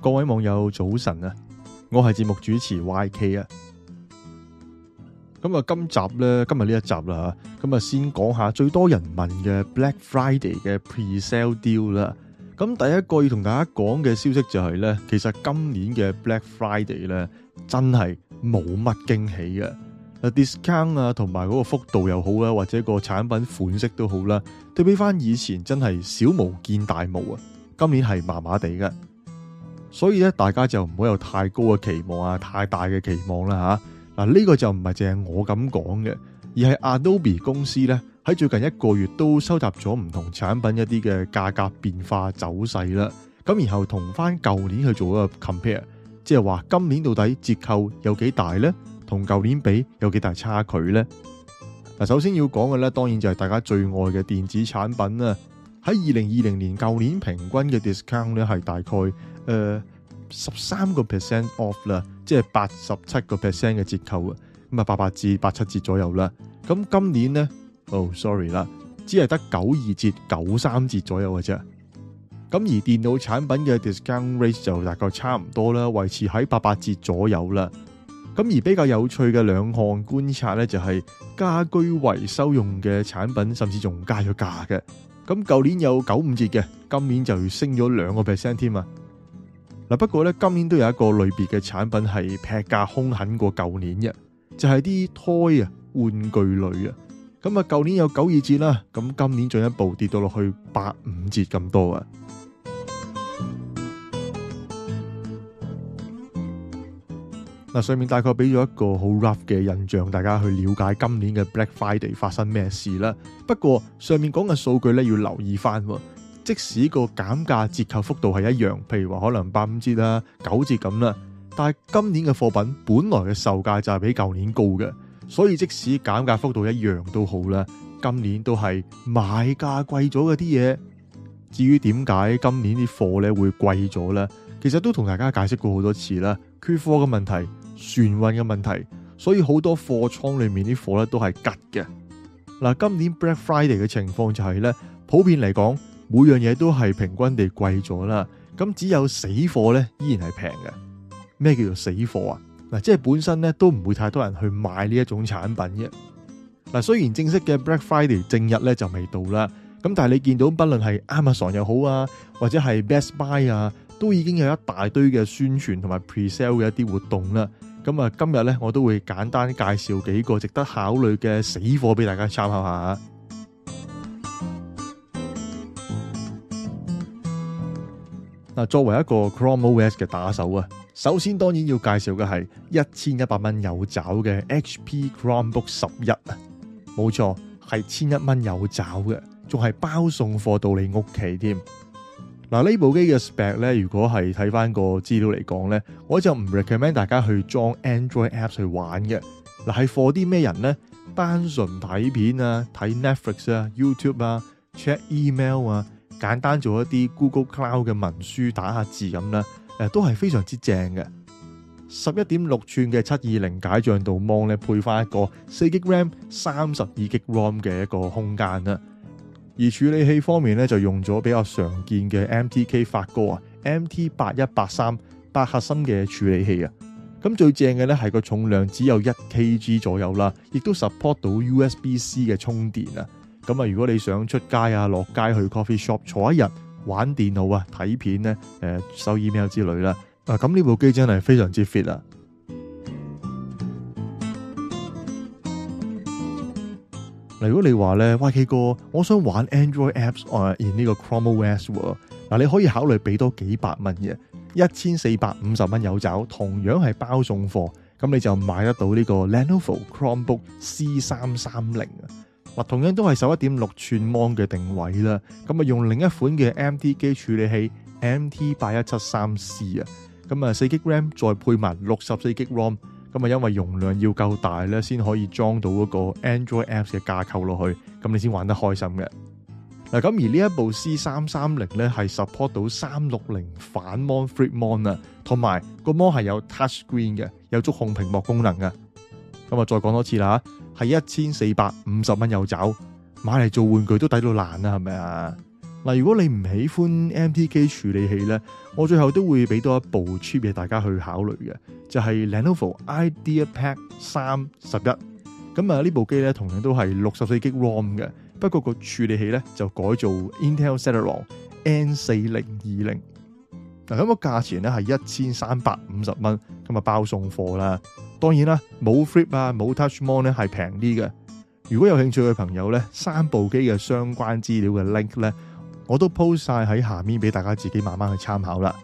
各位網友早晨啊，我係節目主持 YK 啊。咁啊，今集咧，今日呢一集啦吓，咁啊，先講下最多人問嘅 Black Friday 嘅 Pre-Sale Deal 啦。咁第一個要同大家講嘅消息就係咧，其實今年嘅 Black Friday 咧真係冇乜驚喜嘅 discount 啊，同埋嗰個幅度又好啦，或者個產品款式都好啦，對比翻以前真係小巫見大巫啊。今年係麻麻地嘅。所以咧，大家就唔好有太高嘅期望啊，太大嘅期望啦，啊、吓。嗱，呢個就唔係淨係我咁講嘅，而係 Adobe 公司咧喺最近一個月都收集咗唔同產品一啲嘅價格變化走勢啦。咁然後同翻舊年去做一個 compare，即係話今年到底折扣有幾大咧？同舊年比有幾大差距咧？嗱，首先要講嘅咧，當然就係大家最愛嘅電子產品啦。喺二零二零年舊年平均嘅 discount 咧係大概誒十三個 percent off 啦，即係八十七個 percent 嘅折扣啊，咁啊八八至八七折左右啦。咁今年呢，哦、oh, sorry 啦，只係得九二折、九三折左右嘅啫。咁而電腦產品嘅 discount rate 就大概差唔多啦，維持喺八八折左右啦。咁而比較有趣嘅兩項觀察呢，就係家居維修用嘅產品，甚至仲加咗價嘅。咁舊年有九五折嘅，今年就升咗兩個 percent 添啊！嗱，不過呢今年都有一個類別嘅產品係劈價兇狠過舊年嘅，就係啲 toy 啊，玩具類啊。咁啊，舊年有九二折啦，咁今年進一步跌到落去八五折咁多啊！嗱，上面大概俾咗一個好 rough 嘅印象，大家去了解今年嘅 Black Friday 發生咩事啦。不過上面講嘅數據咧，要留意翻。即使個減價折扣幅度係一樣，譬如話可能八五折啦、九折咁啦，但係今年嘅貨品本來嘅售價就係比舊年高嘅，所以即使減價幅度一樣都好啦，今年都係買價貴咗嗰啲嘢。至於點解今年啲貨咧會貴咗呢？其實都同大家解釋過好多次啦，缺貨嘅問題、船運嘅問題，所以好多貨倉裏面啲貨咧都係吉嘅。嗱，今年 Black Friday 嘅情況就係呢，普遍嚟講，每樣嘢都係平均地貴咗啦。咁只有死貨呢依然係平嘅。咩叫做死貨啊？嗱，即係本身呢都唔會太多人去買呢一種產品嘅。嗱，雖然正式嘅 Black Friday 正日呢就未到啦。咁但係你見到不論係 Amazon 又好啊，或者係 Best Buy 啊，都已經有一大堆嘅宣傳同埋 Presale 嘅一啲活動啦。咁啊，今日呢，我都會簡單介紹幾個值得考慮嘅死貨俾大家參考一下。嗱，作為一個 Chrome OS 嘅打手啊，首先當然要介紹嘅係一千一百蚊有找嘅 HP Chromebook 十一啊，冇錯，係千一蚊有找嘅。仲係包送貨到你屋企添。嗱，呢部機嘅 spec 咧，如果係睇翻個資料嚟講咧，我就唔 recommend 大家去裝 Android Apps 去玩嘅。嗱，係 for 啲咩人咧？單純睇片啊、睇 Netflix 啊、YouTube 啊、check email 啊，簡單做一啲 Google Cloud 嘅文書打下字咁啦，誒，都係非常之正嘅。十一點六寸嘅七二零解像度，Mon 咧配翻一個四 G RAM、三十二 G ROM 嘅一個空間啦。而處理器方面咧，就用咗比較常見嘅 MTK 發哥啊，MT8183 八核心嘅處理器啊。咁最正嘅咧係個重量只有一 Kg 左右啦，亦都 support 到 USB-C 嘅充電啊。咁啊，如果你想出街啊，落街去 coffee shop 坐一日玩電腦啊，睇片咧，誒收 email 之類啦。啊，咁呢部機真係非常之 fit 啊！如果你話呢 YK 哥，我想玩 Android Apps 啊，喺呢個 Chrome OS 喎，嗱，你可以考慮俾多幾百蚊嘅一千四百五十蚊有找，同樣係包送貨，咁你就買得到呢個 Lenovo Chromebook C 三三零啊，或同樣都係十一點六寸芒嘅定位啦，咁啊用另一款嘅 MT 機處理器 MT 八一七三 C 啊，咁啊四 GB RAM 再配埋六十四 GB ROM。咁啊，因為容量要夠大咧，先可以裝到嗰個 Android Apps 嘅架構落去，咁你先玩得開心嘅。嗱，咁而呢一部 C 三三零咧，係 support 到三六零反 Mon Flip Mon 啊，同埋個 Mon 係有 TouchScreen 嘅，有觸控屏幕功能嘅。咁啊，再講多次啦，係一千四百五十蚊有找，買嚟做玩具都抵到爛啦，係咪啊？嗱，如果你唔喜歡 MTK 處理器呢，我最後都會俾多一部 cheap 嘅俾大家去考慮嘅，就係、是、Lenovo IdeaPad 三十一咁啊。呢部機咧同樣都係六十四 G ROM 嘅，不過個處理器呢就改做 Intel Celeron N 四零二零嗱。咁個價錢呢係一千三百五十蚊，咁啊包送貨啦。當然啦，冇 Flip 啊，冇 Touch More 呢係平啲嘅。如果有興趣嘅朋友呢，三部機嘅相關資料嘅 link 呢。我都 po 晒喺下面俾大家自己慢慢去參考啦。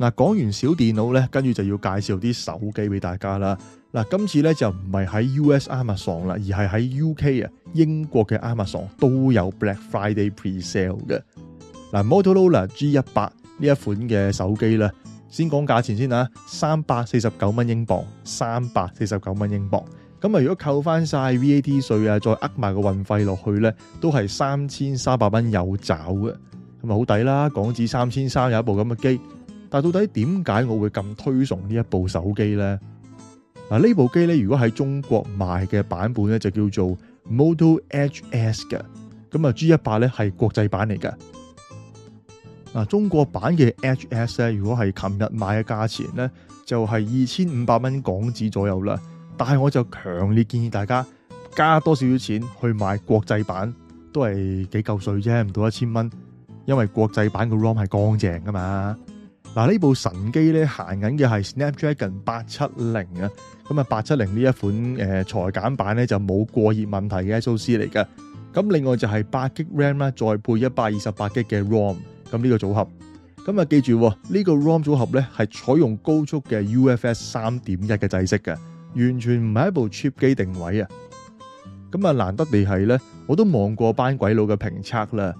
嗱，講完小電腦呢，跟住就要介紹啲手機俾大家啦。嗱，今次呢就唔係喺 U.S. Amazon 啦，而係喺 U.K. 啊，英國嘅 Amazon 都有 Black Friday pre-sale 嘅嗱，Motorola G 18呢一款嘅手機呢，先講價錢先啊，三百四十九蚊英鎊，三百四十九蚊英鎊。咁啊！如果扣翻晒 VAT 稅啊，再呃埋個運費落去呢，都係三千三百蚊有找嘅，咁啊好抵啦！港紙三千三有一部咁嘅機，但到底點解我會咁推崇呢一部手機呢？嗱、啊，呢部機呢，如果喺中國賣嘅版本呢，就叫做 Moto Edge S 嘅，咁啊 G 一八呢，係國際版嚟嘅，嗱、啊、中國版嘅 Edge S 咧，如果係琴日買嘅價錢呢，就係二千五百蚊港紙左右啦。但係我就強烈建議大家加多少少錢去買國際版，都係幾嚿水啫，唔到一千蚊。因為國際版嘅 ROM 係乾淨噶嘛。嗱、啊，呢部神機咧行緊嘅係 Snapdragon 八七零啊，咁啊八七零呢一款誒裁減版咧就冇過熱問題嘅 SOC 嚟嘅。咁、嗯、另外就係八 G RAM 啦，再配一百二十八 G 嘅 ROM，咁、嗯、呢、這個組合咁啊、嗯嗯，記住呢、哦這個 ROM 組合咧係採用高速嘅 UFS 三點一嘅制式嘅。完全唔係一部 cheap 機定位啊！咁啊，難得地係咧，我都望過班鬼佬嘅評測啦。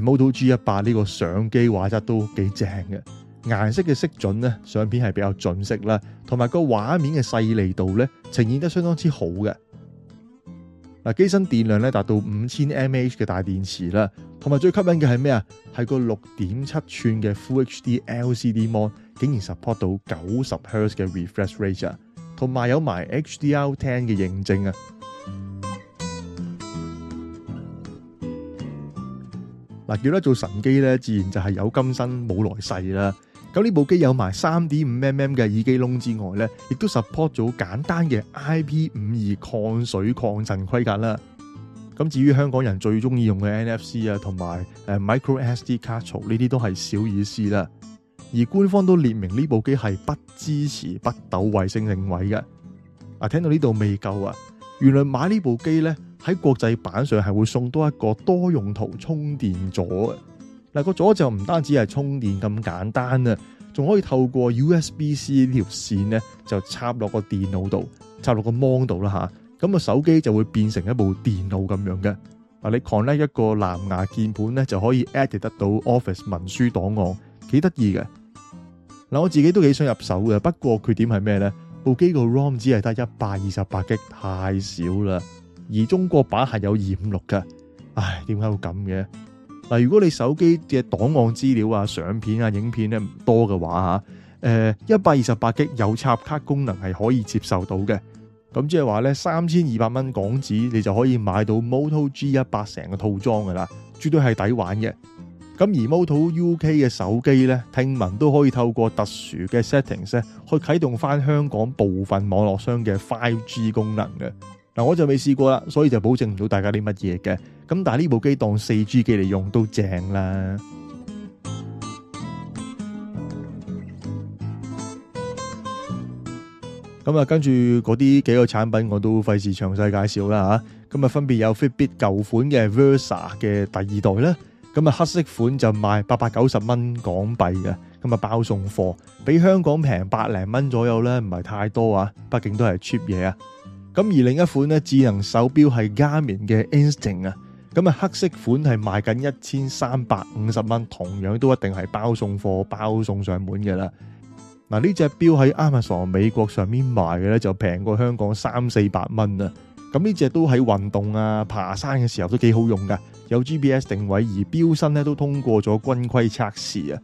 Moto G 一八呢個相機畫質都幾正嘅，顏色嘅色準咧，相片係比較準色啦。同埋個畫面嘅細膩度咧，呈現得相當之好嘅。嗱，機身電量咧達到五千 mAh 嘅大電池啦，同埋最吸引嘅係咩啊？係個六點七寸嘅 Full HD LCD 模，竟然 support 到九十 Hertz 嘅 Refresh Rate。同埋有埋 HDR10 嘅認證啊！嗱，叫得做神機咧，自然就係有今生冇來世啦。咁呢部機有埋 3.5mm 嘅耳機窿之外咧，亦都 support 咗簡單嘅 IP52 抗水抗塵規格啦。咁至於香港人最中意用嘅 NFC 啊，同埋誒 microSD c 卡槽呢啲都係小意思啦。而官方都列明呢部機係不支持北斗衛星定位嘅。啊，聽到呢度未夠啊？原來買呢部機呢，喺國際版上係會送多一個多用途充電座嘅。嗱，個座就唔單止係充電咁簡單啊，仲可以透過 USB C 呢條線呢，就插落個電腦度，插落個 Mon 度啦吓，咁個手機就會變成一部電腦咁樣嘅。嗱，你 connect 一個藍牙鍵盤呢，就可以 edit 得到 Office 文書檔案，幾得意嘅。嗱，我自己都幾想入手嘅，不過缺點係咩呢？部機個 ROM 只係得一百二十八 G，太少啦。而中國版係有二五六噶，唉，點解會咁嘅？嗱，如果你手機嘅檔案資料啊、相片啊、影片咧唔多嘅話吓，誒、呃，一百二十八 G 有插卡功能係可以接受到嘅。咁即係話呢，三千二百蚊港紙你就可以買到 Moto G 一百成個套裝噶啦，絕對係抵玩嘅。咁而 Moto UK 嘅手機咧，聽聞都可以透過特殊嘅 settings 咧，去啟動翻香港部分網絡商嘅 5G 功能嘅。嗱，我就未試過啦，所以就保證唔到大家啲乜嘢嘅。咁但係呢部機當四 G 機嚟用都正啦。咁啊，跟住嗰啲幾個產品我都費事詳細介紹啦嚇。咁啊，分別有 Fitbit 舊款嘅 Versa 嘅第二代咧。咁啊，黑色款就賣八百九十蚊港幣嘅，咁啊包送貨，比香港平百零蚊左右咧，唔係太多啊，畢竟都係 cheap 嘢啊。咁而另一款咧智能手錶係 Garmin 嘅 Instinct 啊，咁啊黑色款係賣緊一千三百五十蚊，同樣都一定係包送貨、包送上門嘅啦。嗱，呢隻錶喺 Amazon 美國上面賣嘅咧，就平過香港三四百蚊啊。咁呢隻都喺運動啊、爬山嘅時候都幾好用噶有 GPS 定位，而標身咧都通過咗軍規測試啊。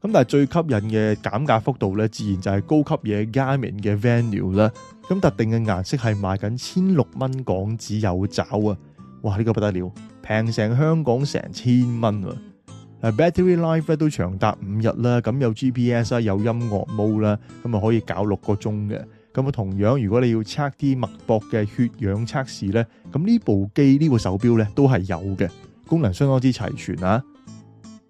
咁但係最吸引嘅減價幅度咧，自然就係高級嘢佳明嘅 Venue 啦。咁特定嘅顏色係賣緊千六蚊港紙有找啊！哇，呢、這個不得了，平成香港成千蚊啊！Battery life 都長達五日啦，咁有 GPS 啦，有音樂 Mode 啦，咁啊可以搞六個鐘嘅。咁啊，同樣如果你要測啲脈搏嘅血氧測試呢，咁呢部機呢個手錶呢都係有嘅，功能相當之齊全啊！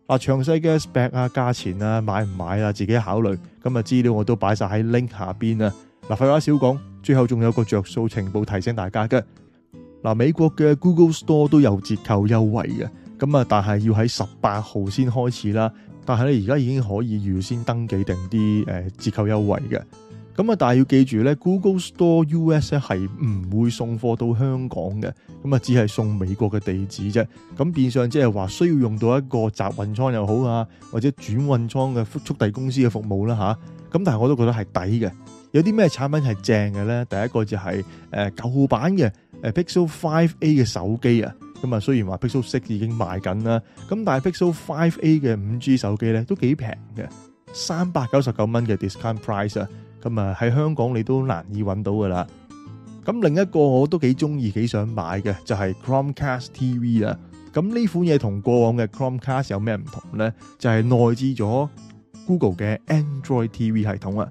嗱，詳細嘅 spec 啊、價錢啊、買唔買啊，自己考慮。咁啊，資料我都擺晒喺 link 下邊啊！嗱，廢話少講，最後仲有一個着數情報提醒大家嘅。嗱，美國嘅 Google Store 都有折扣優惠嘅，咁啊，但係要喺十八號先開始啦。但係你而家已經可以預先登記定啲誒、呃、折扣優惠嘅。咁啊，但係要記住咧，Google Store US 咧，係唔會送貨到香港嘅，咁啊，只係送美國嘅地址啫。咁變相即係話需要用到一個集運倉又好啊，或者轉運倉嘅速速遞公司嘅服務啦嚇。咁但係我都覺得係抵嘅。有啲咩產品係正嘅咧？第一個就係誒舊版嘅誒 Pixel Five A 嘅手機啊。咁啊，雖然話 Pixel Six 已經賣緊啦，咁但係 Pixel Five A 嘅五 G 手機咧都幾平嘅，三百九十九蚊嘅 Discount Price 啊！咁啊喺香港你都難以揾到噶啦。咁另一個我都幾中意幾想買嘅就係 Chromecast TV 啊。咁呢款嘢同過往嘅 Chromecast 有咩唔同呢？就係內置咗 Google 嘅 Android TV 系統啊。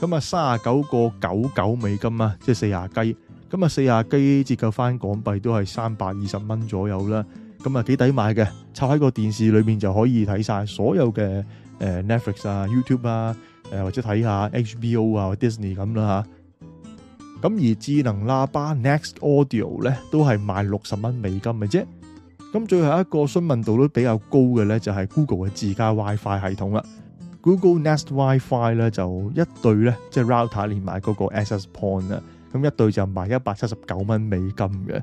咁啊三十九個九九美金啊，即係四廿雞。咁啊四廿雞折扣翻港幣都係三百二十蚊左右啦。咁啊幾抵買嘅，插喺個電視裏面就可以睇晒所有嘅誒 Netflix 啊、YouTube 啊。誒或者睇下 HBO 啊，或者迪士尼咁啦嚇。咁而智能喇叭 Nest Audio 咧，都係賣六十蚊美金嘅啫。咁最後一個詢問度都比較高嘅咧，就係 Google 嘅自家 WiFi 系統啦。Google Nest WiFi 咧就一對咧，即係 router 連埋嗰個 Access Point 啊。咁一對就賣一百七十九蚊美金嘅。